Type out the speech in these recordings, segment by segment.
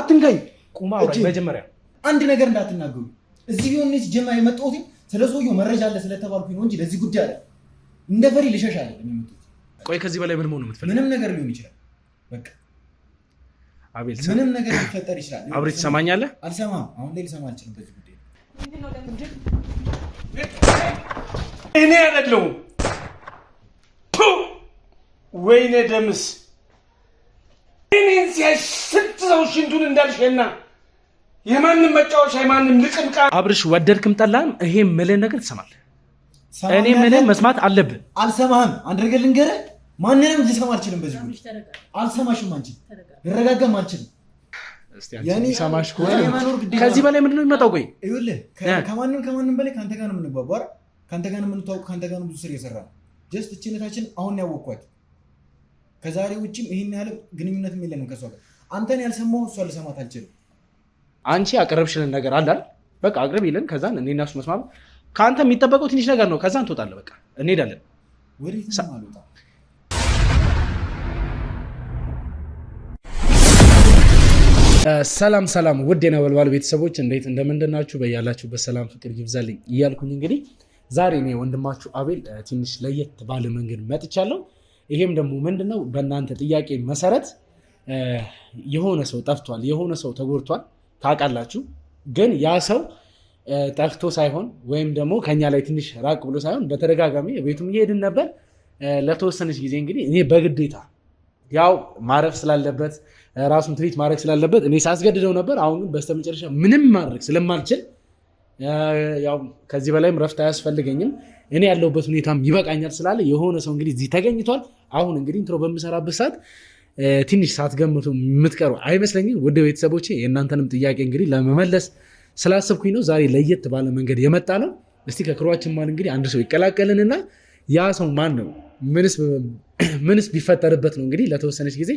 አትንካኝ። መጀመሪያ አንድ ነገር እንዳትናገሩ። እዚህ ቢሆን ጀማ የመጣሁት ስለ ሰውየው መረጃ አለ ስለተባልኩኝ ነው እንጂ ለዚህ ጉዳይ አለ እንደ ፈሪ ልሸሽ አለ። ቆይ ከዚህ በላይ ምን መሆን ምንም ነገር ሊሆን ይችላል። በቃ አቤል፣ ምንም ነገር ሊፈጠር ይችላል። አብሬ ትሰማኛለህ? አልሰማም። አሁን ላይ ልሰማ አልችልም በዚህ ጉዳይ። እኔ አይደለሁም። ወይኔ ደምስ እኔን ሲያይ ስንት ሰው ሽንቱን እንዳልሸና የማንም መጫወቻ የማንም ልቅምቃ አብርሽ ወደድክም ጠላም ይሄ ምለ ነገር ትሰማለህ። እኔ ምልህ መስማት አለብ አልሰማህም። አንድ ነገር ልንገርህ፣ ማንንም ልሰማ አልችልም። በዚህ አልሰማሽም። አንቺ ልረጋጋም አልችልም። ከዚህ በላይ ምንድነው የሚመጣው? ቆይ ይኸውልህ፣ ከማንም ከማንም በላይ ከአንተ ጋር ነው የምንግባባው፣ ከአንተ ጋር ነው የምንተዋወቅ፣ ከአንተ ጋር ነው ብዙ ስራ የሰራ ጀስት እችነታችን አሁን ያወቅኳት ከዛሬ ውጭም ይህን ያህል ግንኙነት የለንም ከእሷ ጋር። አንተን ያልሰማው እሷ ልሰማት አልችልም። አንቺ ያቀረብሽልን ነገር አላል በቃ አቅርብ ይልን። ከዛን እኔ እና እሱ ከአንተ የሚጠበቀው ትንሽ ነገር ነው። ከዛን ትወጣለህ። በቃ እንሄዳለን። ሰላም ሰላም፣ ውድ የነበልባል ቤተሰቦች እንዴት እንደምንድናችሁ? በያላችሁ በሰላም ፍቅር ይብዛልኝ እያልኩኝ እንግዲህ ዛሬ እኔ ወንድማችሁ አቤል ትንሽ ለየት ባለ መንገድ መጥቻለሁ። ይሄም ደግሞ ምንድነው በእናንተ ጥያቄ መሰረት የሆነ ሰው ጠፍቷል፣ የሆነ ሰው ተጎድቷል ታውቃላችሁ። ግን ያ ሰው ጠፍቶ ሳይሆን ወይም ደግሞ ከኛ ላይ ትንሽ ራቅ ብሎ ሳይሆን በተደጋጋሚ ቤቱም እየሄድን ነበር። ለተወሰነች ጊዜ እንግዲህ እኔ በግዴታ ያው ማረፍ ስላለበት ራሱን ትሪት ማድረግ ስላለበት እኔ ሳስገድደው ነበር። አሁን ግን በስተመጨረሻ ምንም ማድረግ ስለማልችል ያው ከዚህ በላይም ረፍት አያስፈልገኝም እኔ ያለሁበት ሁኔታም ይበቃኛል ስላለ የሆነ ሰው እንግዲህ እዚህ ተገኝቷል። አሁን እንግዲህ ኢንትሮ በምሰራበት ሰዓት ትንሽ ሳትገምቱ የምትቀሩ አይመስለኝም። ውድ ቤተሰቦቼ የእናንተንም ጥያቄ እንግዲህ ለመመለስ ስላሰብኩኝ ነው ዛሬ ለየት ባለ መንገድ የመጣ ነው። እስቲ ከክሯችን ማል እንግዲህ አንድ ሰው ይቀላቀልንና ያ ሰው ማን ነው? ምንስ ቢፈጠርበት ነው እንግዲህ ለተወሰነች ጊዜ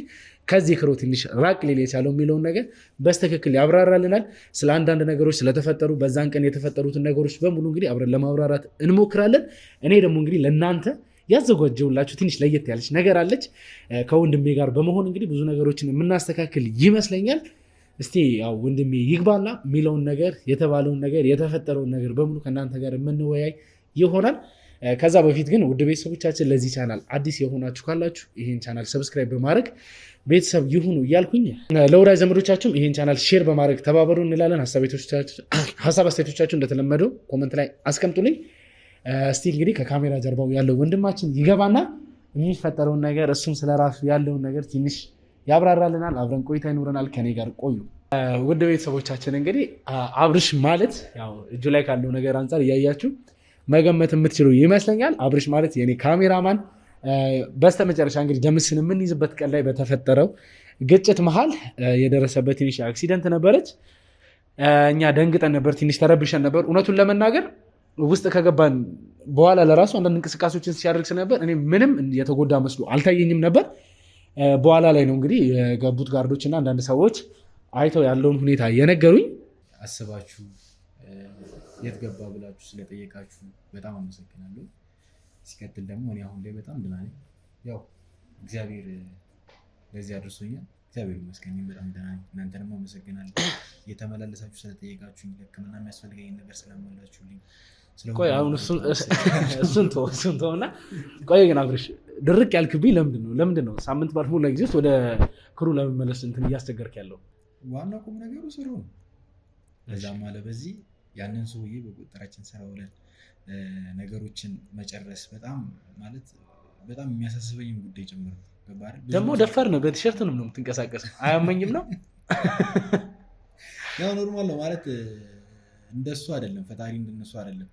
ከዚህ ክሮ ትንሽ ራቅ ሊል የቻለው የሚለውን ነገር በስትክክል ያብራራልናል። ስለ አንዳንድ ነገሮች ስለተፈጠሩ በዛን ቀን የተፈጠሩትን ነገሮች በሙሉ እንግዲህ አብረን ለማብራራት እንሞክራለን። እኔ ደግሞ እንግዲህ ለእናንተ ያዘጋጀውላችሁ ትንሽ ለየት ያለች ነገር አለች። ከወንድሜ ጋር በመሆን እንግዲህ ብዙ ነገሮችን የምናስተካክል ይመስለኛል። እስቲ ያው ወንድሜ ይግባና የሚለውን ነገር የተባለውን ነገር የተፈጠረውን ነገር በሙሉ ከእናንተ ጋር የምንወያይ ይሆናል። ከዛ በፊት ግን ውድ ቤተሰቦቻችን ለዚህ ቻናል አዲስ የሆናችሁ ካላችሁ ይህን ቻናል ሰብስክራይብ በማድረግ ቤተሰብ ይሁኑ እያልኩኝ ለወዳጅ ዘመዶቻችሁም ይህን ቻናል ሼር በማድረግ ተባበሩ እንላለን። ሀሳብ አስተያየቶቻችሁ እንደተለመደው ኮመንት ላይ አስቀምጡልኝ። እስቲ እንግዲህ ከካሜራ ጀርባው ያለው ወንድማችን ይገባና የሚፈጠረውን ነገር እሱም ስለራሱ ያለውን ነገር ትንሽ ያብራራልናል። አብረን ቆይታ ይኖረናል። ከኔ ጋር ቆዩ። ውድ ቤተሰቦቻችን እንግዲህ አብርሽ ማለት ያው እጁ ላይ ካለው ነገር አንጻር እያያችሁ መገመት የምትችሉ ይመስለኛል። አብርሽ ማለት የኔ ካሜራማን በስተመጨረሻ እንግዲህ ደምስን የምንይዝበት ቀን ላይ በተፈጠረው ግጭት መሀል የደረሰበት ትንሽ አክሲደንት ነበረች። እኛ ደንግጠን ነበር፣ ትንሽ ተረብሸን ነበር። እውነቱን ለመናገር ውስጥ ከገባን በኋላ ለራሱ አንዳንድ እንቅስቃሴዎችን ሲያደርግ ስለነበር እኔ ምንም የተጎዳ መስሎ አልታየኝም ነበር። በኋላ ላይ ነው እንግዲህ የገቡት ጋርዶች እና አንዳንድ ሰዎች አይተው ያለውን ሁኔታ የነገሩኝ አስባችሁ የት ገባ ብላችሁ ስለጠየቃችሁ በጣም አመሰግናለሁ። ሲቀጥል ደግሞ እኔ አሁን ላይ በጣም ደህና ነኝ። ያው እግዚአብሔር ለዚህ አድርሶኛል። እግዚአብሔር ይመስገን በጣም ደህና ነኝ። እናንተ ደግሞ አመሰግናለሁ እየተመላለሳችሁ ስለጠየቃችሁ ሕክምና የሚያስፈልገኝ ነገር ስለሞላችሁልኝ። ቆይ እሱን ተወው እሱን ተወው እና ቆይ ግን አብርሽ ድርቅ ያልክብኝ ለምንድን ነው ለምንድን ነው ሳምንት ባልሞላ ጊዜ ውስጥ ወደ ክሩ ለመመለስ እንትን እያስቸገርክ ያለው? ዋና ቁም ነገሩ ስሩ ነው። እዛም አለ በዚህ ያንን ሰውዬ በቁጥጥራችን ስር አውለን ነገሮችን መጨረስ በጣም ማለት በጣም የሚያሳስበኝም ጉዳይ ጭምር ደግሞ ደፈር ነው። በቲሸርት ነው የምትንቀሳቀስ አያመኝም ነው ያው ኖርማል ነው ማለት እንደሱ አይደለም። ፈጣሪ እንደነሱ አይደለም።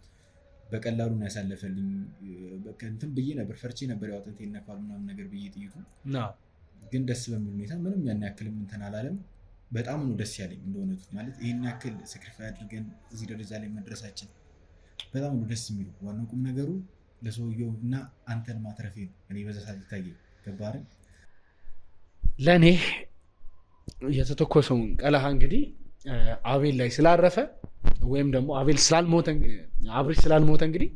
በቀላሉ ነው ያሳለፈልኝ። እንትን ብዬ ነበር ፈርቼ ነበር ያው አጥንቴ ይነካል ምናምን ነገር ብዬ ጥይቱ ግን ደስ በሚል ሁኔታ ምንም ያን ያክልም እንትን አላለም። በጣም ነው ደስ ያለኝ እንደሆነ ማለት ይህን ያክል ሰክሪፋይ አድርገን እዚህ ደረጃ ላይ መድረሳችን በጣም ነው ደስ የሚለው። ዋናው ቁም ነገሩ ለሰውየው እና አንተን ማትረፌ ነው። እኔ በዛ ሰዓት ይታየ ገባርን ለእኔ የተተኮሰውን ቀለሃ እንግዲህ አቤል ላይ ስላረፈ ወይም ደግሞ አቤል ስላልሞተ አብሪ ስላልሞተ እንግዲህ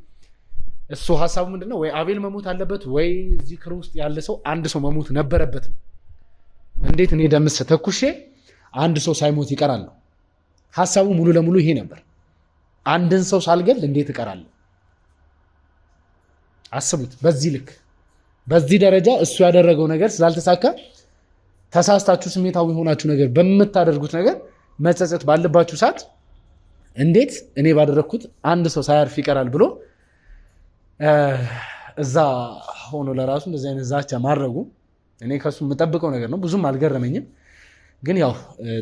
እሱ ሀሳቡ ምንድን ነው? ወይ አቤል መሞት አለበት ወይ እዚህ ክር ውስጥ ያለ ሰው አንድ ሰው መሞት ነበረበት ነው። እንዴት እኔ ደምስ ተኩሼ አንድ ሰው ሳይሞት ይቀራል ነው ሀሳቡ ሙሉ ለሙሉ ይሄ ነበር። አንድን ሰው ሳልገል እንዴት እቀራለሁ? አስቡት። በዚህ ልክ በዚህ ደረጃ እሱ ያደረገው ነገር ስላልተሳካ ተሳስታችሁ ስሜታዊ የሆናችሁ ነገር በምታደርጉት ነገር መጸጸት ባለባችሁ ሰዓት እንዴት እኔ ባደረግኩት አንድ ሰው ሳያርፍ ይቀራል ብሎ እዛ ሆኖ ለራሱ እንደዚህ አይነት ዛቻ ማድረጉ እኔ ከሱ የምጠብቀው ነገር ነው። ብዙም አልገረመኝም። ግን ያው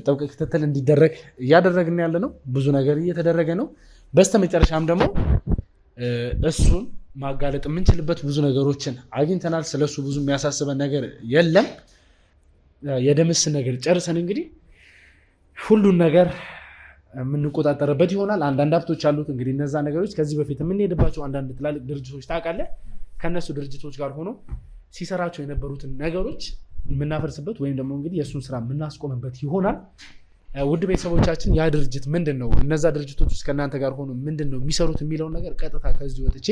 ጥብቅ ክትትል እንዲደረግ እያደረግን ያለ ነው። ብዙ ነገር እየተደረገ ነው። በስተመጨረሻም ደግሞ እሱን ማጋለጥ የምንችልበት ብዙ ነገሮችን አግኝተናል። ስለሱ ብዙ የሚያሳስበን ነገር የለም። የደምስ ነገር ጨርሰን እንግዲህ ሁሉን ነገር የምንቆጣጠርበት ይሆናል። አንዳንድ ሀብቶች አሉት እንግዲህ እነዛ ነገሮች ከዚህ በፊት የምንሄድባቸው አንዳንድ ትላልቅ ድርጅቶች ታውቃለህ፣ ከእነሱ ድርጅቶች ጋር ሆኖ ሲሰራቸው የነበሩትን ነገሮች የምናፈርስበት ወይም ደግሞ እንግዲህ የእሱን ስራ የምናስቆምበት ይሆናል። ውድ ቤተሰቦቻችን ያ ድርጅት ምንድን ነው፣ እነዛ ድርጅቶች ውስጥ ከእናንተ ጋር ሆኖ ምንድን ነው የሚሰሩት የሚለውን ነገር ቀጥታ ከዚህ ወጥቼ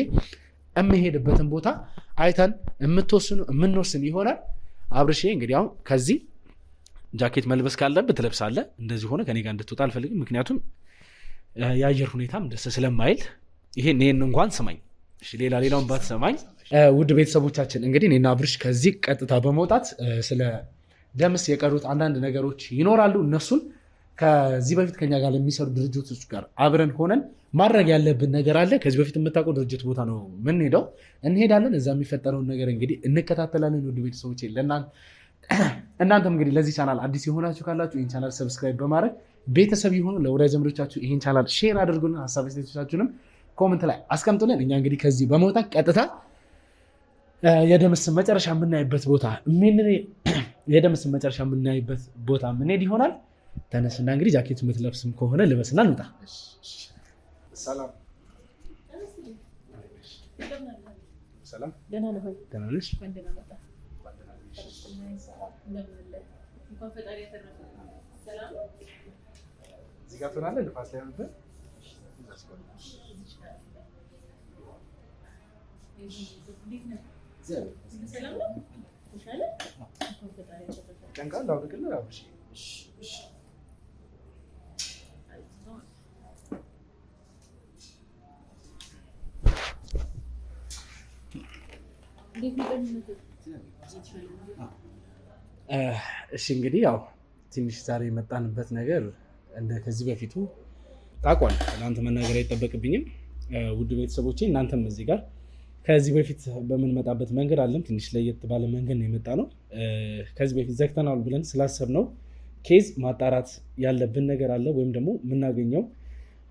የምሄድበትን ቦታ አይተን የምትወስኑ የምንወስን ይሆናል። አብርሼ እንግዲህ አሁን ከዚህ ጃኬት መልበስ ካለብህ ትለብሳለህ። እንደዚህ ሆነ ከኔ ጋር እንድትወጣ አልፈልግም፣ ምክንያቱም የአየር ሁኔታም ደስ ስለማይል ይሄን ይሄን እንኳን ስማኝ፣ ሌላ ሌላውን ባትሰማኝ ውድ ቤተሰቦቻችን እንግዲህ እኔና አብርሽ ከዚህ ቀጥታ በመውጣት ስለ ደምስ የቀሩት አንዳንድ ነገሮች ይኖራሉ። እነሱን ከዚህ በፊት ከኛ ጋር የሚሰሩ ድርጅቶች ጋር አብረን ሆነን ማድረግ ያለብን ነገር አለ። ከዚህ በፊት የምታውቀው ድርጅት ቦታ ነው የምንሄደው፣ እንሄዳለን። እዛ የሚፈጠረውን ነገር እንግዲህ እንከታተላለን። ውድ ቤተሰቦች እናንተም እንግዲህ ለዚህ ቻናል አዲስ የሆናችሁ ካላችሁ ይህን ቻናል ሰብስክራይብ በማድረግ ቤተሰብ የሆኑ ለወዳጅ ዘመዶቻችሁ ይህን ቻናል ሼር አድርጉልን። ሀሳብ ሴቶቻችሁንም ኮመንት ላይ አስቀምጡልን። እኛ እንግዲህ ከዚህ በመውጣት ቀጥታ የደምስን መጨረሻ የምናይበት ቦታ የደምስን መጨረሻ የምናይበት ቦታ ምንሄድ ይሆናል። ተነስና እንግዲህ ጃኬት የምትለብስም ከሆነ ልበስና እንውጣ። ሰላም እሺ እንግዲህ ያው ትንሽ ዛሬ የመጣንበት ነገር እንደ ከዚህ በፊቱ ታውቋል። እናንተ መናገር አይጠበቅብኝም። ውድ ቤተሰቦቼ እናንተም እዚህ ጋር ከዚህ በፊት በምንመጣበት መንገድ አለም ትንሽ ለየት ባለ መንገድ ነው የመጣ ነው። ከዚህ በፊት ዘግተናል ብለን ነው ኬዝ ማጣራት ያለብን ነገር አለ ወይም ደግሞ የምናገኘው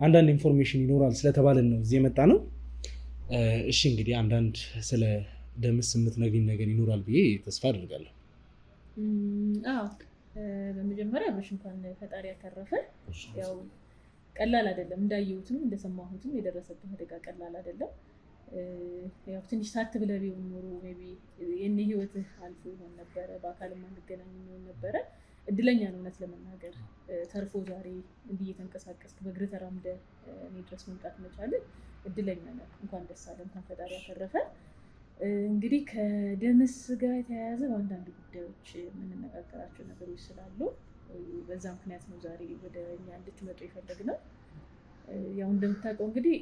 አንዳንድ ኢንፎርሜሽን ይኖራል ስለተባለን ነው እዚህ የመጣ ነው። እሺ እንግዲህ አንዳንድ ስለ ደምስ የምትነግሪኝ ነገር ይኖራል ብዬ ተስፋ አድርጋለሁ። በመጀመሪያ አብረሽ እንኳን ፈጣሪ ያተረፈ። ያው ቀላል አይደለም፣ እንዳየሁትም እንደሰማሁትም የደረሰብን አደጋ ቀላል አይደለም። ያው ትንሽ ሳት ብለህ ቢሆን ኖሮ ቢ የኔ ህይወትህ አልፎ ይሆን ነበረ። በአካል አንገናኝ ይሆን ነበረ። እድለኛ ነው እውነት ለመናገር ተርፎ ዛሬ እንዲህ እየተንቀሳቀስክ በእግርህ ተራምደ እኔ ድረስ መምጣት መቻልህ እድለኛ ነው። እንኳን ደስ አለ፣ እንኳን ፈጣሪ ያተረፈ። እንግዲህ ከደምስ ጋር የተያያዘ በአንዳንድ ጉዳዮች የምንነጋገራቸው ነገሮች ስላሉ በዛ ምክንያት ነው ዛሬ ወደ እኛ እንድትመጡ የፈለግነው። ያው እንደምታውቀው እንግዲህ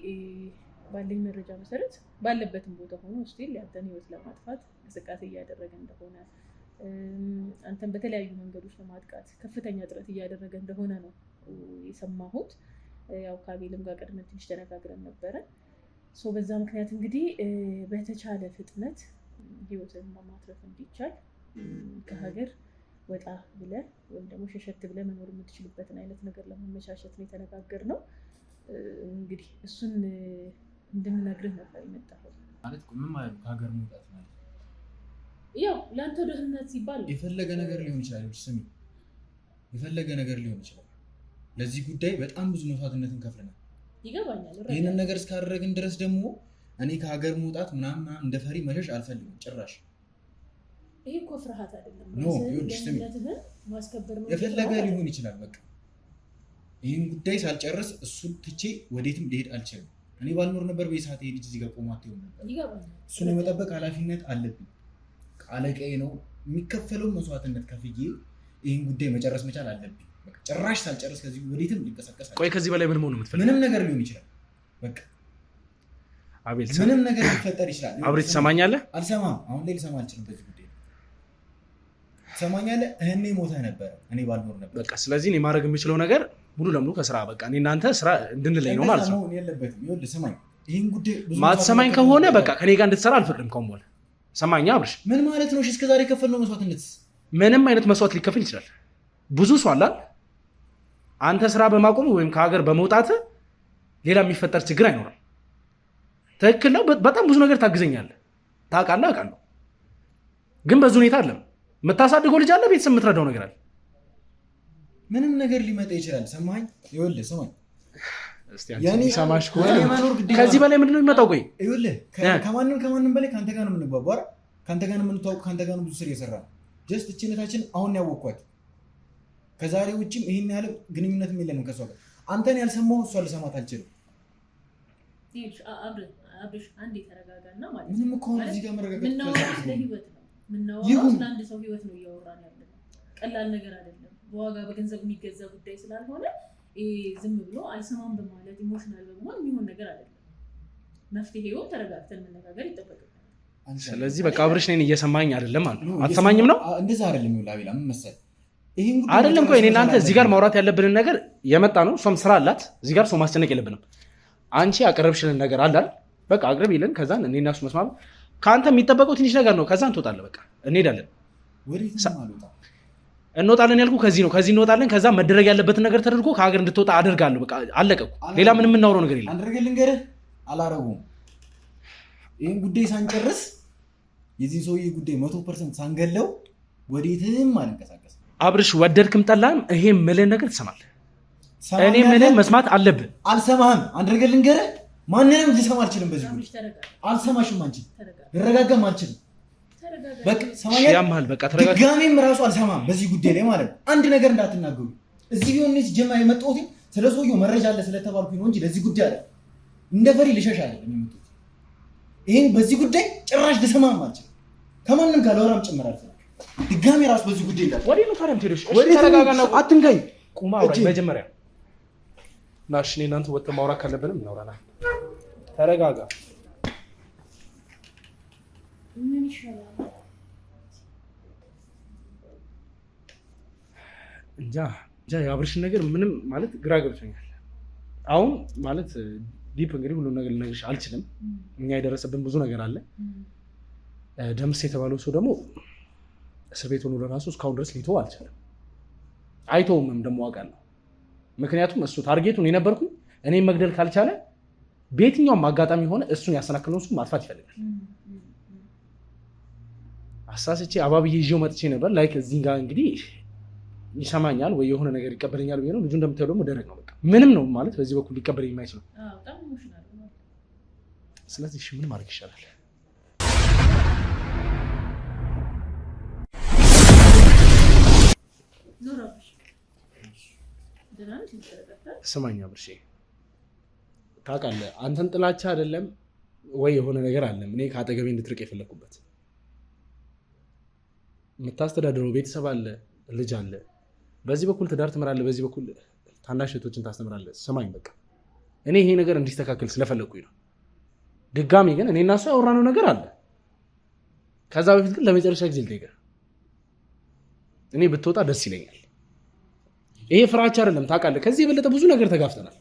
ባለኝ መረጃ መሰረት ባለበትም ቦታ ሆኖ ስቲል ያንተን ህይወት ለማጥፋት እንቅስቃሴ እያደረገ እንደሆነ አንተን በተለያዩ መንገዶች ለማጥቃት ከፍተኛ ጥረት እያደረገ እንደሆነ ነው የሰማሁት። ያው ከአቤልም ጋር ቀድመን ትንሽ ተነጋግረን ነበረ። በዛ ምክንያት እንግዲህ በተቻለ ፍጥነት ህይወትን ለማትረፍ እንዲቻል ከሀገር ወጣ ብለ ወይም ደግሞ ሸሸት ብለ መኖር የምትችልበትን አይነት ነገር ለማመቻቸት ነው የተነጋገር ነው እንግዲህ እሱን ነበር የመጣሁት። ማለት ምን ማለት ነው? ከሀገር መውጣት ማለት ያው ለአንተ ደህንነት ሲባል የፈለገ ነገር ሊሆን ይችላል። ስሚ፣ የፈለገ ነገር ሊሆን ይችላል። ለዚህ ጉዳይ በጣም ብዙ መስዋዕትነትን ከፍለናል። ይገባኛል። ይህንን ነገር እስካደረግን ድረስ ደግሞ እኔ ከሀገር መውጣት ምናምን እንደ ፈሪ መሸሽ አልፈልግም ጭራሽ። ይሄ እኮ ፍርሃት አይደለም፣ የፈለገ ሊሆን ይችላል። በቃ ይህን ጉዳይ ሳልጨርስ እሱን ትቼ ወዴትም ሊሄድ አልችልም። እኔ ባልኖር ነበር በሰዓት ልጅ እዚህ ጋር ቆሞ አትይውም ነበር። እሱን የመጠበቅ ኃላፊነት አለብኝ። አለቃዬ ነው የሚከፈለው መስዋዕትነት ከፍዬ ይህን ጉዳይ መጨረስ መቻል አለብኝ። ጭራሽ ሳልጨርስ ከዚህ ወዴትም ሊንቀሳቀስ ቆይ፣ ከዚህ በላይ ምን መሆኑ የምትፈልገው? ምንም ነገር ሊሆን ይችላል። በቃ አቤል፣ ምንም ነገር ሊፈጠር ይችላል። አብሬ ትሰማኛለህ? አልሰማም። አሁን ላይ ልሰማ አልችልም በዚህ ጉዳይ ትሰማኛለህ? እህኔ ሞተህ ነበረ እኔ ባልኖር ነበር። በቃ ስለዚህ እኔ ማድረግ የሚችለው ነገር ሙሉ ለሙሉ ከስራ በቃ እናንተ ስራ እንድንለይ ነው ማለት ነው። ማትሰማኝ ከሆነ በቃ ከኔ ጋር እንድትሰራ አልፈቅድም። ከሆን በኋላ ሰማኛ አብርሽ ምን ማለት ነው? እስከዛሬ የከፈልነው መስዋዕትነት ምንም አይነት መስዋዕት ሊከፈል ይችላል። ብዙ ሰው አላል። አንተ ስራ በማቆም ወይም ከሀገር በመውጣት ሌላ የሚፈጠር ችግር አይኖርም። ትክክል ነው። በጣም ብዙ ነገር ታግዘኛለህ፣ ታውቃለህ፣ አውቃለሁ። ግን በዚህ ሁኔታ አለም የምታሳድገው ልጅ አለ፣ ቤተሰብ የምትረዳው ነገር አለ። ምንም ነገር ሊመጣ ይችላል። ሰማኝ፣ ይኸውልህ ስማኝ፣ ከዚህ በላይ ምንድነው ነው የሚመጣው? ቆይ ይኸውልህ ከማንም ከማንም በላይ ከአንተ ጋር ነው የምንግባባው ከአንተ ጋር ነው የምንታወቅ፣ ከአንተ ጋር ነው ብዙ ስር የሰራ ጀስት እችነታችን አሁን ያወቅኳት። ከዛሬ ውጭም ይህን ያህል ግንኙነት የለንም ከእሷ ጋር። አንተን ያልሰማው እሷ ልሰማት አልችልም። ምንም እኮ አሁን እዚህ ጋር መረጋጋት ይሁን። ቀላል ነገር አይደለም በዋጋ በገንዘብ የሚገዛ ጉዳይ ስላልሆነ ዝም ብሎ አይሰማም በማለት ኢሞሽናል በመሆን የሚሆን ነገር አይደለም። መፍትሄውን ተረጋግተን መነጋገር ይጠበቅብናል። ስለዚህ በቃ አብርሽ እኔን እየሰማኝ አይደለም አለ። አትሰማኝም ነው እንደዛ አይደለም ላቤላ መሰል አይደለም እኮ እኔ እናንተ እዚህ ጋር ማውራት ያለብንን ነገር የመጣ ነው። እሷም ስራ አላት። እዚህ ጋር ሰው ማስጨነቅ የለብንም። አንቺ አቀረብሽልን ነገር አላል በቃ አቅርብ ይልን ከዛን እኔ እና እሱ መስማማ ከአንተ የሚጠበቀው ትንሽ ነገር ነው። ከዛን ትወጣለህ። በቃ እንሄዳለን። እንወጣለን ያልኩ ከዚህ ነው። ከዚህ እንወጣለን። ከዛ መደረግ ያለበትን ነገር ተደርጎ ከሀገር እንድትወጣ አደርጋለሁ። በቃ አለቀ። ሌላ ምንም የምናውረው ነገር የለም። አንደርግ ልንገርህ፣ አላረጉም። ይህን ጉዳይ ሳንጨርስ የዚህ ሰውዬ ጉዳይ መቶ ፐርሰንት ሳንገለው ወዴትም አልንቀሳቀስ። አብርሽ ወደድክም ጠላም ይሄ ምልህ ነገር ትሰማለህ። እኔ ምልህ መስማት አለብህ። አልሰማህም። አንደርግ ልንገርህ፣ ማንንም ልሰማ አልችልም። በዚህ አልሰማሽም። አንቺ ልረጋጋም አልችልም ያምሃል በቃ ድጋሜም ራሱ አልሰማም በዚህ ጉዳይ ላይ ማለት ነው። አንድ ነገር እንዳትናገሩ። እዚህ ቢሆን እኔ ሲጀማ የመጣሁት ስለ ሰውየው መረጃ አለ ስለተባልኩኝ ነው እንጂ ለዚህ ጉዳይ አለ እንደ ፈሪ ልሸሽ አለ የመጣሁት። ይሄን በዚህ ጉዳይ ጭራሽ ልሰማም አልችልም። ከማንም ጋር ለወራም ጭምር አልሰማም። ድጋሜ ራሱ በዚህ ጉዳይ እንዳለ ወዴ ነው ታሪም ትሄደሽ? ወዴ ተረጋጋና ቁማ አውራ መጀመሪያ ናሽ። እናንተ ወጥ ማውራት ካለብንም እናውራና ተረጋጋ። ምን ይሻላል? እንጃ እንጃ። የአብርሽን ነገር ምንም ማለት ግራ ገብቶኛል። አሁን ማለት ዲፕ እንግዲህ ሁሉም ነገር ልነግርሽ አልችልም። እኛ የደረሰብን ብዙ ነገር አለ። ደምስ የተባለው ሰው ደግሞ እስር ቤት ሆኖ ለራሱ እስካሁን ድረስ ሊተው አልቻለም። አይተውምም ደግሞ አውቃለሁ። ምክንያቱም እሱ ታርጌቱን የነበርኩኝ እኔ መግደል ካልቻለ በየትኛውም አጋጣሚ የሆነ እሱን ያሰናክለውን እሱ ማጥፋት ይፈልጋል። አሳስቼ አባብዬ ይዤው መጥቼ ነበር። ላይክ እዚህ ጋር እንግዲህ ይሰማኛል ወይ የሆነ ነገር ይቀበለኛል ብዬ ነው። ልጁ እንደምታየው ደግሞ ደረቅ ነው፣ በቃ ምንም ነው ማለት በዚህ በኩል ሊቀበል የማይችለው ስለዚህ ምን ማድረግ ይሻላል? ስማኛ ብርሽ ታውቃለህ፣ አንተን ጥላቻ አይደለም ወይ የሆነ ነገር አለም እኔ ከአጠገቤ እንድትርቅ የፈለግኩበት የምታስተዳድረው ቤተሰብ አለ፣ ልጅ አለ። በዚህ በኩል ትዳር ትምራለ በዚህ በኩል ታናሽ እህቶችን ታስተምራለ። ስማኝ በቃ እኔ ይሄ ነገር እንዲስተካከል ስለፈለግኩኝ ነው። ድጋሚ ግን እኔ እና እሷ ያወራነው ነገር አለ። ከዛ በፊት ግን ለመጨረሻ ጊዜ ልጠይቅህ፣ እኔ ብትወጣ ደስ ይለኛል። ይሄ ፍራቻ አይደለም ታውቃለህ። ከዚህ የበለጠ ብዙ ነገር ተጋፍተናል።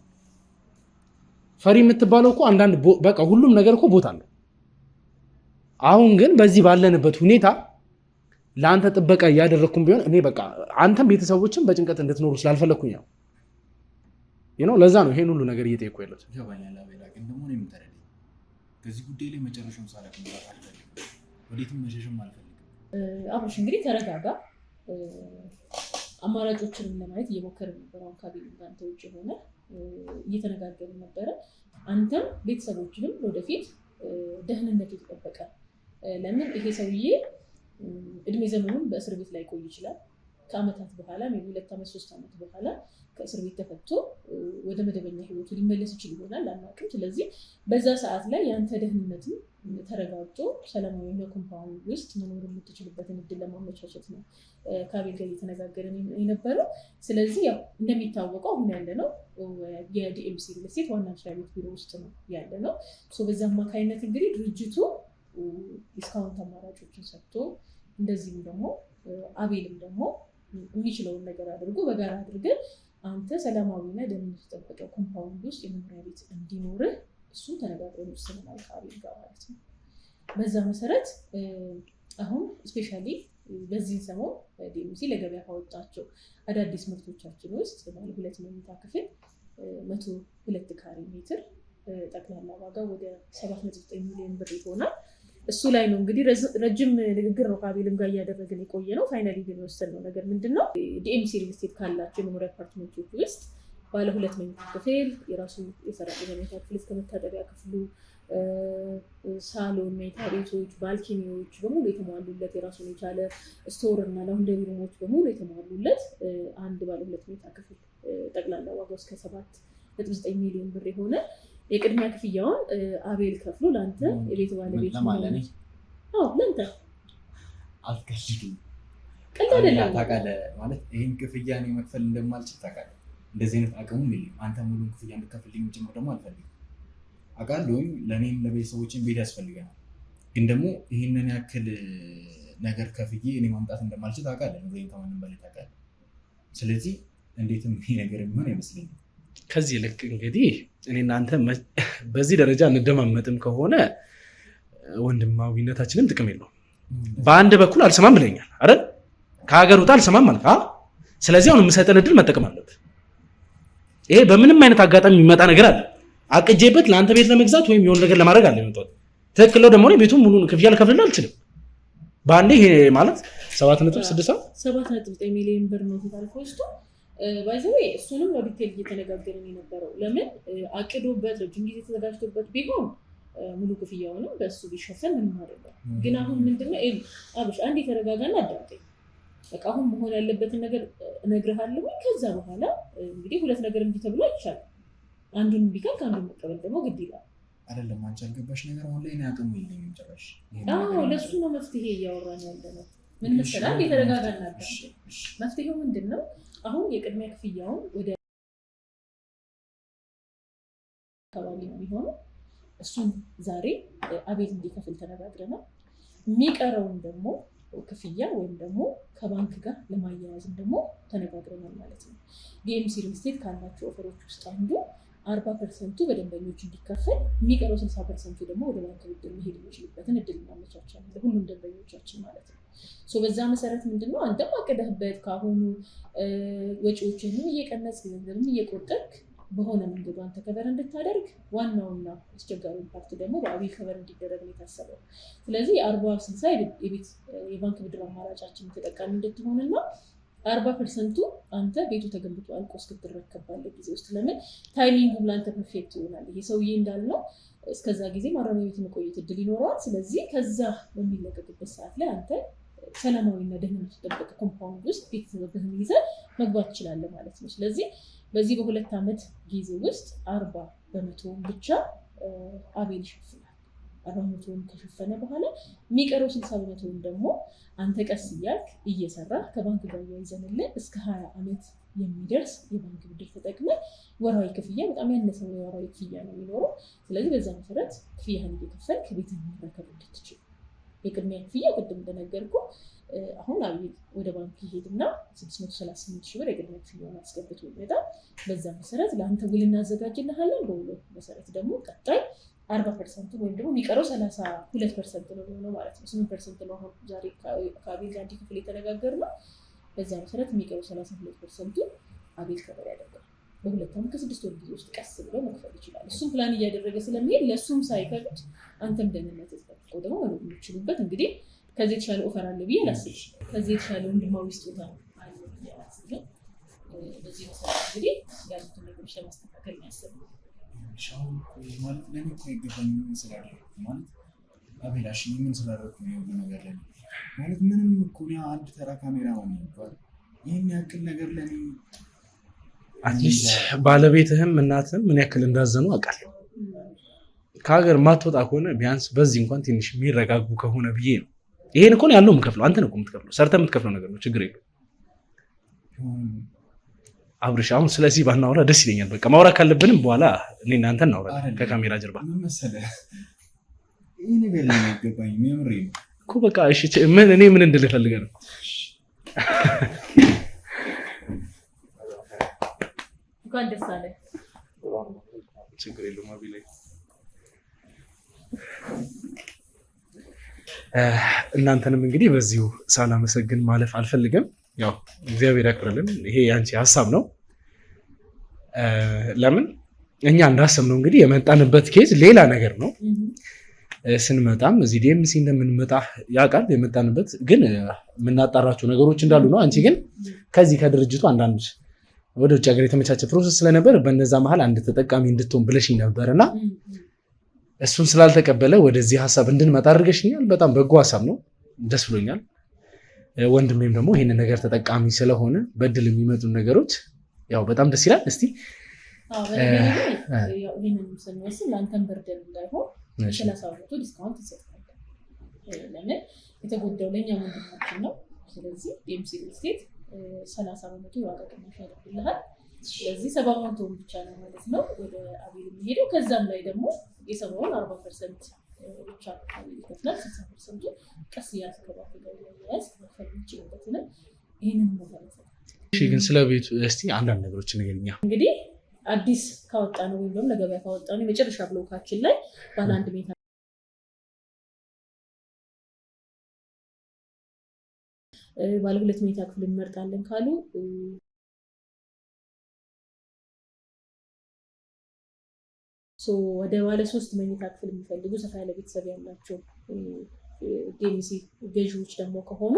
ፈሪ የምትባለው እኮ አንዳንድ በቃ ሁሉም ነገር እኮ ቦታ አለው። አሁን ግን በዚህ ባለንበት ሁኔታ ለአንተ ጥበቃ እያደረግኩም ቢሆን እኔ በቃ አንተም ቤተሰቦችም በጭንቀት እንድትኖሩ ስላልፈለግኩኝ ነው። ነው ለዛ ነው ይሄን ሁሉ ነገር እየጠየኩ ያለት። ከዚህ ጉዳይ ላይ መጨረሻውን ሳላቅ ወዴትም መሸሽም አልፈልግም። አብሮሽ እንግዲህ ተረጋጋ። አማራጮችን ለማየት እየሞከርን ነበር። አሁን ካቢኔ ከአንተ ውጭ የሆነ እየተነጋገሩ ነበረ። አንተም ቤተሰቦችንም ወደፊት ደህንነት የተጠበቀ ለምን ይሄ ሰውዬ እድሜ ዘመኑን በእስር ቤት ላይ ቆይ ይችላል። ከአመታት በኋላ ሁለት ዓመት ሶስት ዓመት በኋላ ከእስር ቤት ተፈቶ ወደ መደበኛ ህይወቱ ሊመለስ ይችል ይሆናል፣ አናውቅም። ስለዚህ በዛ ሰዓት ላይ የአንተ ደህንነትም ተረጋግጦ ሰላማዊ የሆነ ኮምፓውንድ ውስጥ መኖር የምትችልበትን እድል ለማመቻቸት ነው ከአቤል ጋር እየተነጋገርን የነበረው። ስለዚህ ያው እንደሚታወቀው አሁን ያለ ነው የዲኤምሲ ሪል ስቴት ዋና መስሪያ ቤት ቢሮ ውስጥ ነው ያለ ነው። በዛ አማካኝነት እንግዲህ ድርጅቱ ዲስካውንት አማራጮችን ሰጥቶ እንደዚህም ደግሞ አቤልም ደግሞ የሚችለውን ነገር አድርጎ በጋራ አድርገን አንተ ሰላማዊና ደህንነቱ የተጠበቀ ኮምፓውንድ ውስጥ የመኖሪያ ቤት እንዲኖርህ እሱን ተነጋግረን ወስነናል ከአቤል ጋር ማለት ነው። በዛ መሰረት አሁን ስፔሻሊ በዚህ ሰሞን ዲኤምሲ ለገበያ ካወጣቸው አዳዲስ ምርቶቻችን ውስጥ ባለ ሁለት መኝታ ክፍል መቶ ሁለት ካሬ ሜትር ጠቅላላ ዋጋ ወደ ሰባት ነጥብ ዘጠኝ ሚሊዮን ብር ይሆናል። እሱ ላይ ነው እንግዲህ ረጅም ንግግር ነው ከአቤልም ጋር እያደረግን የቆየ ነው። ፋይናሊ ግን የወሰንነው ነገር ምንድን ነው? ዲኤምሲ ሪል ስቴት ካላቸው የመኖሪያ አፓርትመንቶች ውስጥ ባለ ሁለት መኝታ ክፍል፣ የራሱ የሰራተኛ መኝታ ክፍል እስከ መታጠቢያ ክፍሉ፣ ሳሎን፣ መኝታ ቤቶች፣ ባልኪኒዎች በሙሉ የተሟሉለት የራሱን የቻለ ስቶር እና ላውንደሪ ሩሞች በሙሉ የተሟሉለት አንድ ባለ ሁለት መኝታ ክፍል ጠቅላላ ዋጋው እስከ ሰባት ነጥብ ዘጠኝ ሚሊዮን ብር የሆነ የቅድሚያ ክፍያውን አቤል ከፍሎ ለአንተ የቤት ባለቤት ለአንተ አልከልድም። ቀልድ አይደለም ታውቃለህ። ማለት ይህን ክፍያ እኔ መክፈል እንደማልችል ታውቃለህ። እንደዚህ አይነት አቅሙም የለም። አንተ ሙሉን ክፍያ እንድከፍልኝ ጭምር ደግሞ አልፈልግም። አውቃለሁኝ ለእኔም ለቤተሰቦችን ቤት ያስፈልገናል። ግን ደግሞ ይህንን ያክል ነገር ከፍዬ እኔ ማምጣት እንደማልችል ታውቃለህ። ኑሮዬን ከማንም በላይ ታውቃለህ። ስለዚህ እንዴትም ይሄ ነገር የሚሆን አይመስለኝም። ከዚህ ልክ እንግዲህ እኔ እናንተ በዚህ ደረጃ እንደማመጥም ከሆነ ወንድማዊነታችንም ጥቅም የለውም። በአንድ በኩል አልሰማም ብለኛል አይደል? ከሀገር ውጣ አልሰማም አልክ። ስለዚህ አሁን የምሰጠን እድል መጠቀም አለብህ። ይሄ በምንም አይነት አጋጣሚ የሚመጣ ነገር አለ አቅጄበት ለአንተ ቤት ለመግዛት ወይም የሆን ነገር ለማድረግ አለ መጣ ትክክለው ደግሞ ቤቱን ሙሉ ክፍያ ልከፍልል አልችልም። በአንዴ ይሄ ማለት ሰባት ነጥብ ስድስት ሰባት ነጥብ ሚሊዮን ብር ነው ባይዘዌ እሱንም በዲቴል ዲቴል እየተነጋገርን የነበረው። ለምን አቅዶበት ረጅም ጊዜ ተዘጋጅቶበት ቢሆን ሙሉ ክፍያውንም በእሱ ቢሸፈን ምንም አይደለም። ግን አሁን ምንድነው አብሽ አንድ የተረጋጋና አዳምጠኝ በቃ አሁን መሆን ያለበትን ነገር እነግርሃለሁ። ከዛ በኋላ እንግዲህ ሁለት ነገር እንዲህ ተብሎ አይቻልም። አንዱን እምቢ ካልክ አንዱን መቀበል ደግሞ ግድ ይላል። አይደለም አንቺ አልገባሽ ነገር አሁን ላይ አቅሙ የለኝም ጭራሽ። ለእሱ ነው መፍትሄ እያወራን ያለ ነው። ምን መሰለህ አንድ የተረጋጋና መፍትሄው ምንድን ነው አሁን የቅድሚያ ክፍያውን ወደ አካባቢ ነው የሚሆነው። እሱን ዛሬ አቤል እንዲከፍል ተነጋግረናል። የሚቀረውን ደግሞ ክፍያ ወይም ደግሞ ከባንክ ጋር ለማያያዝም ደግሞ ተነጋግረናል ማለት ነው። ዲኤምሲ ስቴት ካላቸው ኦፈሮች ውስጥ አንዱ አርባ ፐርሰንቱ በደንበኞች እንዲከፈል የሚቀረው ስልሳ ፐርሰንቱ ደግሞ ወደ ባንክ ብድር መሄድ የሚችልበትን እድል እናመቻቻለን ለሁሉም ደንበኞቻችን ማለት ነው። በዛ መሰረት ምንድነው አንተም አቅደህበት ከአሁኑ ወጪዎችንም እየቀነጽ ገንዘብም እየቆጠርክ በሆነ መንገዱ አንተ ከበር እንድታደርግ ዋናውና አስቸጋሪ ፓርት ደግሞ በአብይ ከበር እንዲደረግ ነው የታሰበው። ስለዚህ አርባ ስልሳ የቤት የባንክ ብድር አማራጫችን ተጠቃሚ እንድትሆንና አርባ ፐርሰንቱ አንተ ቤቱ ተገንብቶ አልቆ እስክትረከብ ባለ ጊዜ ውስጥ ለምን ታይሚንጉ ለአንተ ፐርፌክት ይሆናል። ይሄ ሰውዬ እንዳልነው እስከዛ ጊዜ ማረሚያ ቤት መቆየት እድል ይኖረዋል። ስለዚህ ከዛ በሚለቀቅበት ሰዓት ላይ አንተ ሰላማዊና ደህንነቱ የተጠበቀ ኮምፓውንድ ውስጥ ቤተሰብህን ይዘ መግባት ትችላለህ ማለት ነው። ስለዚህ በዚህ በሁለት ዓመት ጊዜ ውስጥ አርባ በመቶ ብቻ አቤል ይሸፍናል። አርባ በመቶውን ከሸፈነ በኋላ የሚቀረው ስልሳ በመቶውን ደግሞ አንተ ቀስ እያልክ እየሰራ ከባንክ ጋር እያይዘንልን እስከ ሀያ ዓመት የሚደርስ የባንክ ብድር ተጠቅመ ወራዊ ክፍያ በጣም ያነሰው የወራዊ ክፍያ ነው የሚኖረው። ስለዚህ በዛ መሰረት ክፍያህን እየከፈልክ ቤትህን መረከብ እንድትችል የቅድሚያ ክፍያ ቅድም እንደነገርኩ አሁን አቤል ወደ ባንክ ይሄድና ስድስት መቶ ሰላሳ ስምንት ሺህ ብር የቅድሚያ ክፍያ አስገብቶ ይመጣል። በዛ መሰረት ለአንተ ውል እናዘጋጅልሃለን። በውሉ መሰረት ደግሞ ቀጣይ አርባ ፐርሰንት ወይም ደግሞ የሚቀረው ሰላሳ ሁለት ፐርሰንት ነው የሚሆነው ማለት ነው። ስምንት ፐርሰንት ነው አሁን ዛሬ ከአቤል ጋር አንድ ክፍል የተነጋገርነው። በዛ መሰረት የሚቀረው ሰላሳ ሁለት ፐርሰንቱ አቤል ከበር ያደርጋል። በሁለት ዓመት ከስድስት ወር ጊዜ ውስጥ ቀስ ብለው መክፈል ይችላል። እሱም ፕላን እያደረገ ስለሚሄድ ለእሱም ሳይከብድ አንተም ደህንነት ቆጥረው መኖር እንግዲህ ከዚህ የተሻለ ኦፈር አለ ብዬ ላስብ። ከዚህ የተሻለ ወንድማዊ ስጦታ በዚህ መሰረት እንግዲህ ያሉትን ነገሮች ለማስተካከል ያስብ ምን አቤላሽ ምን ስላደረኩ ነው ነገር ማለት ምንም እኮ አንድ ተራ ካሜራ ሆነ ይባል ይህን ያክል ነገር ለኔ አትሊስት ባለቤትህም እናትህም ምን ያክል እንዳዘኑ አውቃለሁ። ከሀገር ማትወጣ ከሆነ ቢያንስ በዚህ እንኳን ትንሽ የሚረጋጉ ከሆነ ብዬ ነው። ይሄን እኮ ያለው የምከፍለው አንተ ነው የምትከፍለው፣ ሰርተ የምትከፍለው ነገር ነው። ችግር የለው አብርሽ። አሁን ስለዚህ ባናወራ ደስ ይለኛል። በቃ ማውራት ካለብንም በኋላ እኔ እናንተ እናውራ ከካሜራ ጀርባ እኮ በቃ ምን እኔ ምን እንድልህ ነው? ችግር የለውም ላይ እናንተንም እንግዲህ በዚሁ ሳላመሰግን ማለፍ አልፈልግም። ያው እግዚአብሔር ያቅርልን። ይሄ የአንቺ ሀሳብ ነው። ለምን እኛ እንዳሰብነው እንግዲህ የመጣንበት ኬዝ ሌላ ነገር ነው። ስንመጣም እዚህ ዲኤምሲ እንደምንመጣ ያውቃል። የመጣንበት ግን የምናጣራቸው ነገሮች እንዳሉ ነው። አንቺ ግን ከዚህ ከድርጅቱ አንዳንድ ወደ ውጭ ሀገር የተመቻቸ ፕሮሰስ ስለነበር በነዛ መሀል አንድ ተጠቃሚ እንድትሆን ብለሽኝ ነበር እና እሱን ስላልተቀበለ ወደዚህ ሀሳብ እንድንመጣ አድርገሽኛል። በጣም በጎ ሀሳብ ነው፣ ደስ ብሎኛል። ወንድሜም ደግሞ ይህን ነገር ተጠቃሚ ስለሆነ በድል የሚመጡ ነገሮች ያው በጣም ደስ ይላል። እስቲ ሰላሳ በመቶ ዲስካውንት ይሰጣል። የተጎዳው ለእኛ ወንድማችን ነው። ስለዚህ ዴምሲ ስቴት ሰላሳ በመቶ የዋጋ ቅናሽ ያደርግልሃል። ስለዚህ ሰባ መቶ ብቻ ነው ማለት ነው ወደ አቤል የሚሄደው። ከዛም ላይ ደግሞ የሰባውን አርባ ፐርሰንት ብቻ አቤል ይከፍላል። ስልሳ ፐርሰንቱ ቀስ እያስከባከባል ያያዝ ይችልበት ነው። ይህንን መሰረት ግን ስለ ቤቱ እስቲ አንዳንድ ነገሮች ነገርኛ እንግዲህ አዲስ ካወጣ ነው ወይም ደግሞ ለገበያ ካወጣ ነው የመጨረሻ ብሎካችን ላይ ባለ አንድ ሜታ ባለ ሁለት ሜታ ክፍል እንመርጣለን ካሉ ወደ ባለ ሶስት መኝታ ክፍል የሚፈልጉ ሰፋ ያለ ቤተሰብ ያላቸው ዴሚሲ ገዢዎች ደግሞ ከሆኑ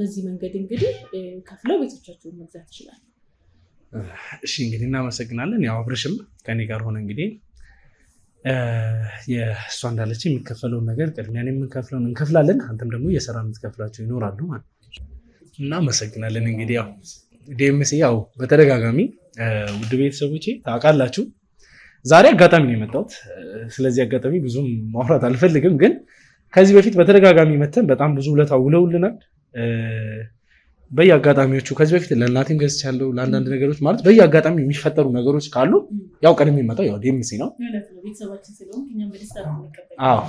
በዚህ መንገድ እንግዲህ ከፍለው ቤቶቻቸውን መግዛት ይችላል። እሺ እንግዲህ እናመሰግናለን። ያው አብርሽም ከኔ ጋር ሆነ እንግዲህ የእሷ እንዳለች የሚከፈለውን ነገር ቅድሚያን የምንከፍለውን እንከፍላለን። አንተም ደግሞ እየሰራ የምትከፍላቸው ይኖራሉ ማለት እናመሰግናለን እንግዲህ ያው ዲኤምሲ ያው በተደጋጋሚ ውድ ቤተሰቦች ታውቃላችሁ፣ ዛሬ አጋጣሚ ነው የመጣሁት። ስለዚህ አጋጣሚ ብዙም ማውራት አልፈልግም፣ ግን ከዚህ በፊት በተደጋጋሚ መተን በጣም ብዙ ውለታ ውለውልናል። በየአጋጣሚዎቹ ከዚህ በፊት ለእናቴም ገዝቻለሁ። ለአንዳንድ ነገሮች ማለት በየአጋጣሚ የሚፈጠሩ ነገሮች ካሉ ያው ቀደም የሚመጣው ያው ዴምሲ ነው።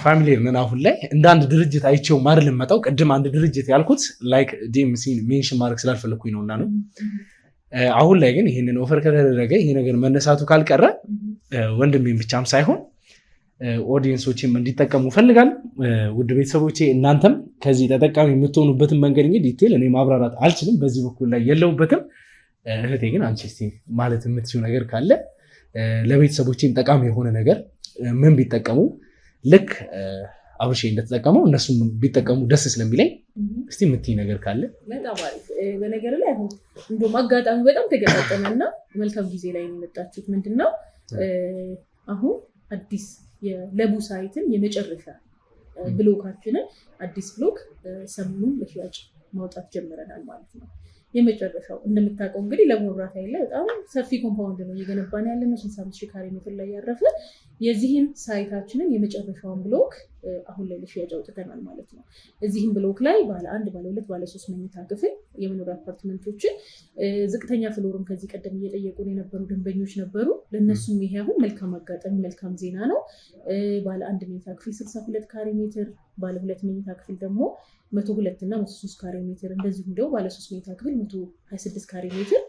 ፋሚሊ ምን አሁን ላይ እንደ አንድ ድርጅት አይቼው ማር ልመጣው ቅድም አንድ ድርጅት ያልኩት ላይክ ዴምሲ ሜንሽን ማድረግ ስላልፈለግኩኝ ነው እና ነው አሁን ላይ ግን ይህንን ኦፈር ከተደረገ ይሄ ነገር መነሳቱ ካልቀረ ወንድሜም ብቻም ሳይሆን ኦዲየንሶችም እንዲጠቀሙ ፈልጋል። ውድ ቤተሰቦቼ እናንተም ከዚህ ተጠቃሚ የምትሆኑበትን መንገድ እንግዲህ ዲቴል እኔ ማብራራት አልችልም፣ በዚህ በኩል ላይ የለውበትም። እህቴ ግን አንቺ እስኪ ማለት የምትችው ነገር ካለ ለቤተሰቦቼም ጠቃሚ የሆነ ነገር ምን ቢጠቀሙ ልክ አብርሽ እንደተጠቀመው እነሱም ቢጠቀሙ ደስ ስለሚለኝ እስቲ የምትይ ነገር ካለ። በነገር ላይ አሁን እንደውም አጋጣሚ በጣም እና መልካም ጊዜ ላይ የመጣችሁት ምንድን ነው አሁን አዲስ የለቡሳይትን የመጨረሻ ብሎካችንን አዲስ ብሎክ ሰሙኑን ለሽያጭ ማውጣት ጀምረናል ማለት ነው። የመጨረሻው እንደምታውቀው እንግዲህ ለቡ መብራት ኃይል ላይ በጣም ሰፊ ኮምፓውንድ ነው እየገነባን ያለ ነው። ስልሳ አምስት ሺህ ካሬ ሜትር ላይ ያረፈ የዚህን ሳይታችንን የመጨረሻውን ብሎክ አሁን ላይ ለሽያጭ አውጥተናል ማለት ነው። እዚህም ብሎክ ላይ ባለ አንድ፣ ባለ ሁለት፣ ባለ ሶስት መኝታ ክፍል የመኖሪያ አፓርትመንቶችን ዝቅተኛ ፍሎርም ከዚህ ቀደም እየጠየቁን የነበሩ ደንበኞች ነበሩ። ለእነሱም ይሄ አሁን መልካም አጋጣሚ መልካም ዜና ነው። ባለ አንድ መኝታ ክፍል ስልሳ ሁለት ካሬ ሜትር፣ ባለ ሁለት መኝታ ክፍል ደግሞ መቶ ሁለት እና መቶ ሶስት ካሬ ሜትር እንደዚሁም ደግሞ ባለ ሶስት መኝታ ክፍል መቶ ሀያ ስድስት ካሬ ሜትር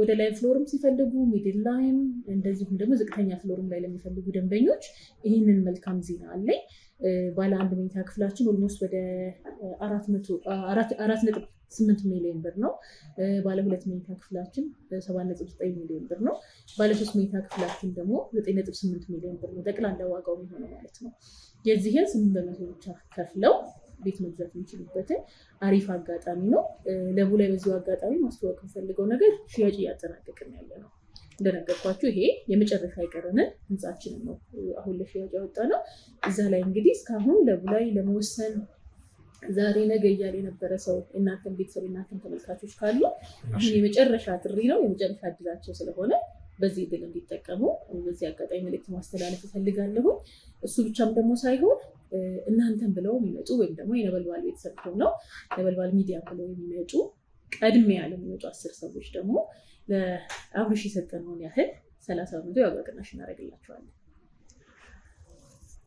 ወደ ላይ ፍሎርም ሲፈልጉ ሚድል ላይም እንደዚሁም ደግሞ ዝቅተኛ ፍሎርም ላይ ለሚፈልጉ ደንበኞች ይህንን መልካም ዜና አለኝ። ባለ አንድ መኝታ ክፍላችን ኦልሞስት ወደ አራት ነጥብ ስምንት ሚሊዮን ብር ነው። ባለ ሁለት መኝታ ክፍላችን ሰባት ነጥብ ዘጠኝ ሚሊዮን ብር ነው። ባለ ሶስት መኝታ ክፍላችን ደግሞ ዘጠኝ ነጥብ ስምንት ሚሊዮን ብር ነው። ጠቅላላ ዋጋው የሚሆነው ማለት ነው። የዚህን ስምንት በመቶ ብቻ ከፍለው ቤት መግዛት የሚችሉበትን አሪፍ አጋጣሚ ነው። ለቡ ላይ በዚሁ አጋጣሚ ማስተዋወቅ የምፈልገው ነገር ሽያጭ እያጠናቀቅን ያለ ነው። እንደነገርኳችሁ ይሄ የመጨረሻ አይቀርንን ህንፃችንን ነው አሁን ለሽያጭ ያወጣ ነው። እዛ ላይ እንግዲህ እስካሁን ለቡ ላይ ለመወሰን ዛሬ ነገ እያለ የነበረ ሰው እናንተን ቤተሰብ እናንተን ተመልካቾች ካሉ አሁን የመጨረሻ ጥሪ ነው፣ የመጨረሻ እድላቸው ስለሆነ በዚህ እድል እንዲጠቀሙ በዚህ አጋጣሚ መልክት ማስተላለፍ እፈልጋለሁ። እሱ ብቻም ደግሞ ሳይሆን እናንተን ብለው የሚመጡ ወይም ደግሞ የነበልባል ቤተሰብ ሆነው ነበልባል ሚዲያ ብለው የሚመጡ ቀድሜ ያለ የሚመጡ አስር ሰዎች ደግሞ ለአብርሽ የሰጠነውን ያህል ሰላሳ በመቶ ያው ቅናሽ እናደርግላቸዋለን።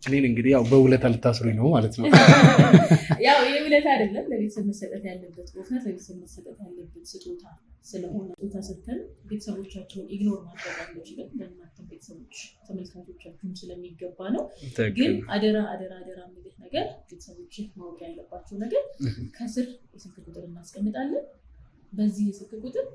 እኔን እንግዲህ ያው በውለታ ልታስሩኝ ነው ማለት ነው። ያው የውለታ አይደለም ለቤተሰብ መሰጠት ያለበት ቦታ ለቤተሰብ መሰጠት ያለበት ስጦታ ስለሆነ ቦታ ሰጥተን ቤተሰቦቻቸውን ኢግኖር ማድረግ አንችልም። ለእናንተ ቤተሰቦች ተመልካቾቻችሁን ስለሚገባ ነው። ግን አደራ አደራ አደራ የሚልህ ነገር ቤተሰቦች ማወቅ ያለባቸው ነገር ከስር የስልክ ቁጥር እናስቀምጣለን። በዚህ የስልክ ቁጥር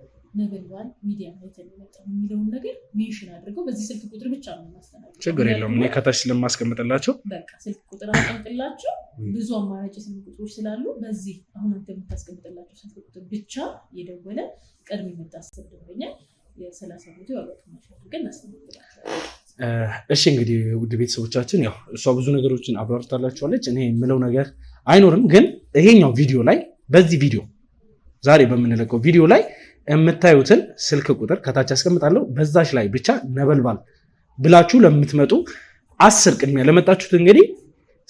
ነበልባል ሚዲያ ላይ የተለወጠ የሚለውን ነገር ሜንሽን አድርገው በዚህ ስልክ ቁጥር ብቻ ነው የማስተናግድ። ችግር የለውም እኔ ከታች ስለማስቀምጥላቸው በቃ ስልክ ቁጥር አስቀምጥላቸው። ብዙ አማራጭ ስልክ ቁጥሮች ስላሉ በዚህ አሁን አንተ የምታስቀምጥላቸው ስልክ ቁጥር ብቻ የደወለ ቀድሞ የመጣ አስር ደንበኛ የሰላሳ እሺ እንግዲህ ውድ ቤተሰቦቻችን ያው እሷ ብዙ ነገሮችን አብራርታላቸዋለች እኔ የምለው ነገር አይኖርም፣ ግን ይሄኛው ቪዲዮ ላይ በዚህ ቪዲዮ ዛሬ በምንለቀው ቪዲዮ ላይ የምታዩትን ስልክ ቁጥር ከታች አስቀምጣለሁ በዛች ላይ ብቻ ነበልባል ብላችሁ ለምትመጡ አስር ቅድሚያ ለመጣችሁት እንግዲህ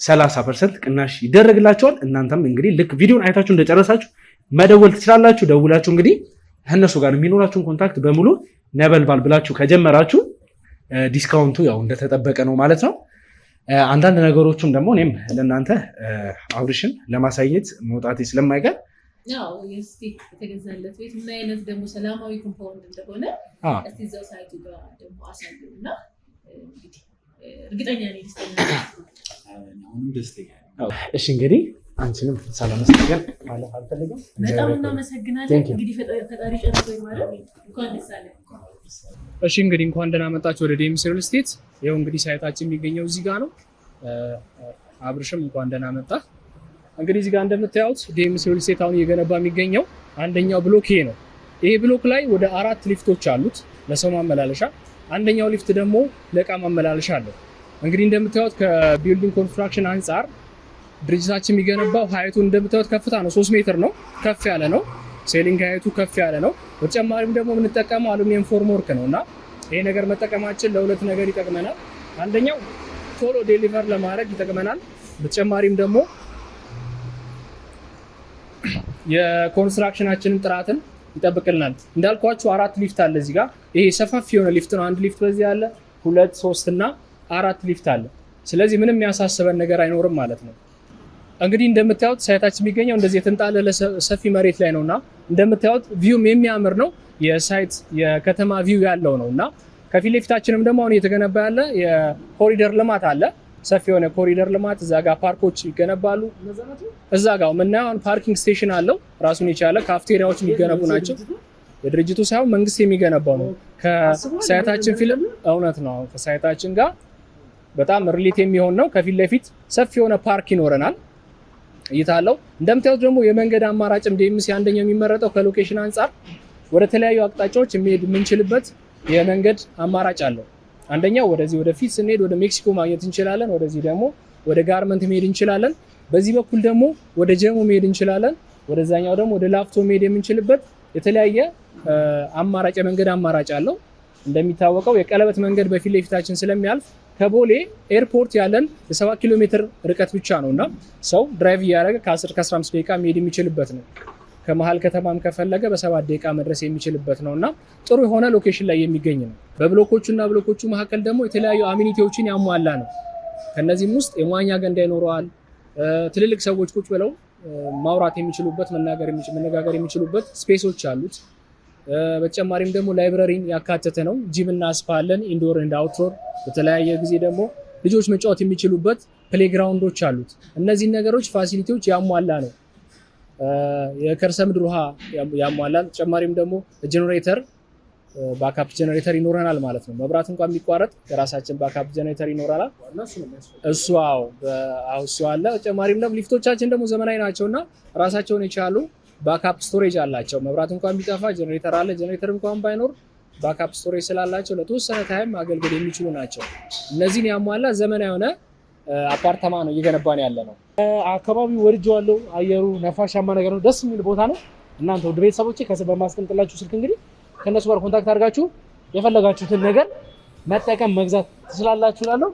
30 ፐርሰንት ቅናሽ ይደረግላቸዋል። እናንተም እንግዲህ ልክ ቪዲዮን አይታችሁ እንደጨረሳችሁ መደወል ትችላላችሁ። ደውላችሁ እንግዲህ ከእነሱ ጋር የሚኖራችሁን ኮንታክት በሙሉ ነበልባል ብላችሁ ከጀመራችሁ ዲስካውንቱ ያው እንደተጠበቀ ነው ማለት ነው። አንዳንድ ነገሮቹም ደግሞ እኔም ለእናንተ አብርሽን ለማሳየት መውጣቴ ስለማይቀር ነው የተገዛለት ቤት ምን አይነት ደግሞ ሰላማዊ ኮምፓውንድ እንደሆነ እስቲ እዛው ሳይቱ ጋር ደግሞ አሳዩ እና እንግዲህ እርግጠኛ ነኝ ደስተኛ እሺ እንግዲህ አንቺንም ሳላመሰግን ማለፍ አልፈልግም በጣም እናመሰግናለን እንግዲህ ፈጣሪ ጨርሶ ማለት እንኳን ደስ አለ እሺ እንግዲህ እንኳን ደህና መጣችሁ ወደ ዴምስ ሪል ስቴት ይኸው እንግዲህ ሳይታችን የሚገኘው እዚህ ጋር ነው አብርሽም እንኳን ደህና መጣ እንግዲህ እዚህ ጋር እንደምታዩት ዲኤምሲ ሪል ስቴት አሁን እየገነባ የሚገኘው አንደኛው ብሎክ ይሄ ነው። ይሄ ብሎክ ላይ ወደ አራት ሊፍቶች አሉት ለሰው ማመላለሻ፣ አንደኛው ሊፍት ደግሞ ለእቃ ማመላለሻ አለው። እንግዲህ እንደምታዩት ከቢልዲንግ ኮንስትራክሽን አንጻር ድርጅታችን የሚገነባው ሀይቱ እንደምታዩት ከፍታ ነው፣ ሶስት ሜትር ነው፣ ከፍ ያለ ነው። ሴሊንግ ሀይቱ ከፍ ያለ ነው። በተጨማሪም ደግሞ የምንጠቀመው አሉሚኒየም ፎርም ወርክ ነው እና ይሄ ነገር መጠቀማችን ለሁለት ነገር ይጠቅመናል። አንደኛው ቶሎ ዴሊቨር ለማድረግ ይጠቅመናል። በተጨማሪም ደግሞ የኮንስትራክሽናችንን ጥራትን ይጠብቅልናል። እንዳልኳችሁ አራት ሊፍት አለ እዚህ ጋር ይሄ ሰፋፊ የሆነ ሊፍት ነው። አንድ ሊፍት በዚህ አለ፣ ሁለት ሶስት እና አራት ሊፍት አለ። ስለዚህ ምንም ያሳሰበን ነገር አይኖርም ማለት ነው። እንግዲህ እንደምታዩት ሳይታችን የሚገኘው እንደዚህ የተንጣለለ ሰፊ መሬት ላይ ነው እና እንደምታዩት ቪውም የሚያምር ነው። የሳይት የከተማ ቪው ያለው ነው እና ከፊት ለፊታችንም ደግሞ አሁን እየተገነባ ያለ የኮሪደር ልማት አለ። ሰፊ የሆነ ኮሪደር ልማት እዛ ጋር ፓርኮች ይገነባሉ። እዛ ጋር የምናየውን ፓርኪንግ ስቴሽን አለው ራሱን የቻለ ካፍቴሪያዎች የሚገነቡ ናቸው። የድርጅቱ ሳይሆን መንግስት የሚገነባው ነው። ከሳይታችን ፊልም እውነት ነው። ከሳይታችን ጋር በጣም ሪሌት የሚሆን ነው። ከፊት ለፊት ሰፊ የሆነ ፓርክ ይኖረናል። እይታ አለው። እንደምታዩት ደግሞ የመንገድ አማራጭም ዴምሲ አንደኛው የሚመረጠው ከሎኬሽን አንጻር ወደ ተለያዩ አቅጣጫዎች የሚሄድ የምንችልበት የመንገድ አማራጭ አለው። አንደኛው ወደዚህ ወደፊት ስንሄድ ወደ ሜክሲኮ ማግኘት እንችላለን። ወደዚህ ደግሞ ወደ ጋርመንት መሄድ እንችላለን። በዚህ በኩል ደግሞ ወደ ጀሞ መሄድ እንችላለን። ወደዛኛው ደግሞ ወደ ላፍቶ መሄድ የምንችልበት የተለያየ አማራጭ የመንገድ አማራጭ አለው። እንደሚታወቀው የቀለበት መንገድ በፊት ለፊታችን ስለሚያልፍ ከቦሌ ኤርፖርት ያለን የ7 ኪሎ ሜትር ርቀት ብቻ ነው እና ሰው ድራይቭ እያደረገ ከ10 ከ15 ደቂቃ መሄድ የሚችልበት ነው። ከመሀል ከተማም ከፈለገ በሰባት ደቂቃ መድረስ የሚችልበት ነው እና ጥሩ የሆነ ሎኬሽን ላይ የሚገኝ ነው። በብሎኮቹ እና ብሎኮቹ መካከል ደግሞ የተለያዩ አሚኒቲዎችን ያሟላ ነው። ከነዚህም ውስጥ የመዋኛ ገንዳ ይኖረዋል። ትልልቅ ሰዎች ቁጭ ብለው ማውራት የሚችሉበት መነጋገር የሚችሉበት ስፔሶች አሉት። በተጨማሪም ደግሞ ላይብረሪን ያካተተ ነው። ጂም እና ስፓ አለን። ኢንዶር እንድ አውትዶር በተለያየ ጊዜ ደግሞ ልጆች መጫወት የሚችሉበት ፕሌግራውንዶች አሉት። እነዚህን ነገሮች ፋሲሊቲዎች ያሟላ ነው። የከርሰ ምድር ውሃ ያሟላል። ተጨማሪም ደግሞ ጀኔሬተር ባካፕ ጀኔሬተር ይኖረናል ማለት ነው። መብራት እንኳን የሚቋረጥ የራሳችን ባካፕ ጀኔሬተር ይኖረናል። እሱ ው እሱ አለ። ተጨማሪም ደግሞ ሊፍቶቻችን ደግሞ ዘመናዊ ናቸው እና ራሳቸውን የቻሉ ባካፕ ስቶሬጅ አላቸው። መብራት እንኳን ቢጠፋ ጀኔሬተር አለ። ጀኔሬተር እንኳን ባይኖር ባካፕ ስቶሬጅ ስላላቸው ለተወሰነ ታይም አገልግል የሚችሉ ናቸው። እነዚህን ያሟላ ዘመናዊ የሆነ አፓርታማ ነው እየገነባን ያለ ነው። አካባቢው ወድጄዋለሁ። አየሩ ነፋሻማ ነገር ነው። ደስ የሚል ቦታ ነው። እናንተ ውድ ቤተሰቦች ከስር በማስቀምጥላችሁ ስልክ እንግዲህ ከእነሱ ጋር ኮንታክት አድርጋችሁ የፈለጋችሁትን ነገር መጠቀም መግዛት ትችላላችሁ እላለሁ።